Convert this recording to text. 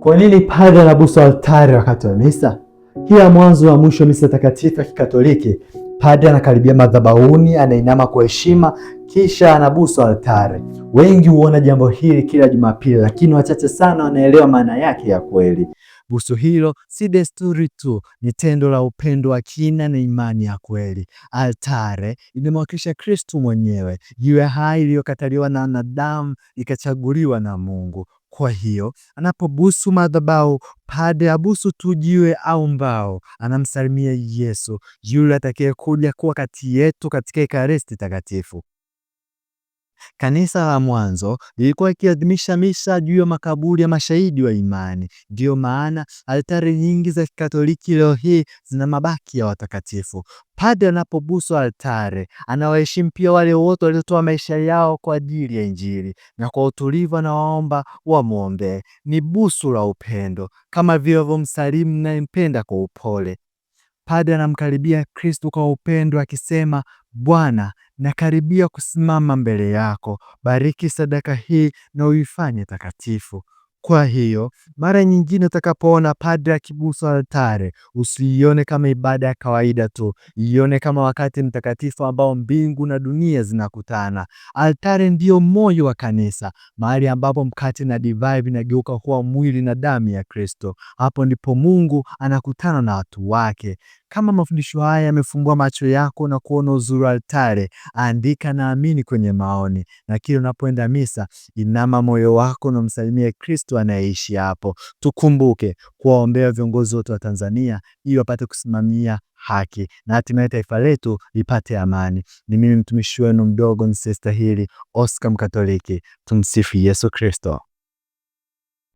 Kwa nini padre anabusu altari wakati wa misa? Kila mwanzo wa mwisho misa takatifu ya Kikatoliki, padre anakaribia madhabahuni, anainama kwa heshima, kisha anabusu altari. Wengi huona jambo hili kila Jumapili, lakini wachache sana wanaelewa maana yake ya kweli. Busu hilo si desturi tu, ni tendo la upendo wa kina na imani ya kweli. Altare inamwakilisha Kristu mwenyewe, jiwe hai iliyokataliwa na wanadamu, ikachaguliwa na Mungu. Kwa hiyo anapobusu madhabahu, pade abusu tu jiwe au mbao, anamsalimia Yesu yule atakayekuja kuwa kati yetu katika Ekaristi Takatifu. Kanisa la mwanzo lilikuwa ikiadhimisha misa juu ya makaburi ya mashahidi wa imani. Ndiyo maana altari nyingi za Kikatoliki leo hii zina mabaki ya watakatifu. Padre anapobusu altare, anawaheshimu pia wale wote waliotoa maisha yao kwa ajili ya Injili, na kwa utulivu anawaomba wamwombee. Ni busu la upendo, kama vile wanavyomsalimu anayempenda kwa upole. Padre anamkaribia Kristo kwa upendo akisema Bwana, nakaribia kusimama mbele yako. Bariki sadaka hii na uifanye takatifu. Kwa hiyo mara nyingine utakapoona padre akibusu altare, usiione kama ibada ya kawaida tu, ione kama wakati mtakatifu ambao mbingu na dunia zinakutana. Altare ndiyo moyo wa kanisa, mahali ambapo mkate na divai vinageuka kuwa mwili na damu ya Kristo. Hapo ndipo Mungu anakutana na watu wake. Kama mafundisho haya yamefungua macho yako na kuona uzuri wa altare, andika naamini kwenye maoni, na kila unapoenda misa, inama moyo wako na msalimie Kristo anayeishi hapo. Tukumbuke kuwaombea viongozi wote wa Tanzania ili wapate kusimamia haki na hatimaye taifa letu lipate amani. Ni mimi mtumishi wenu mdogo hili Oscar Mkatoliki. Tumsifu Yesu Kristo.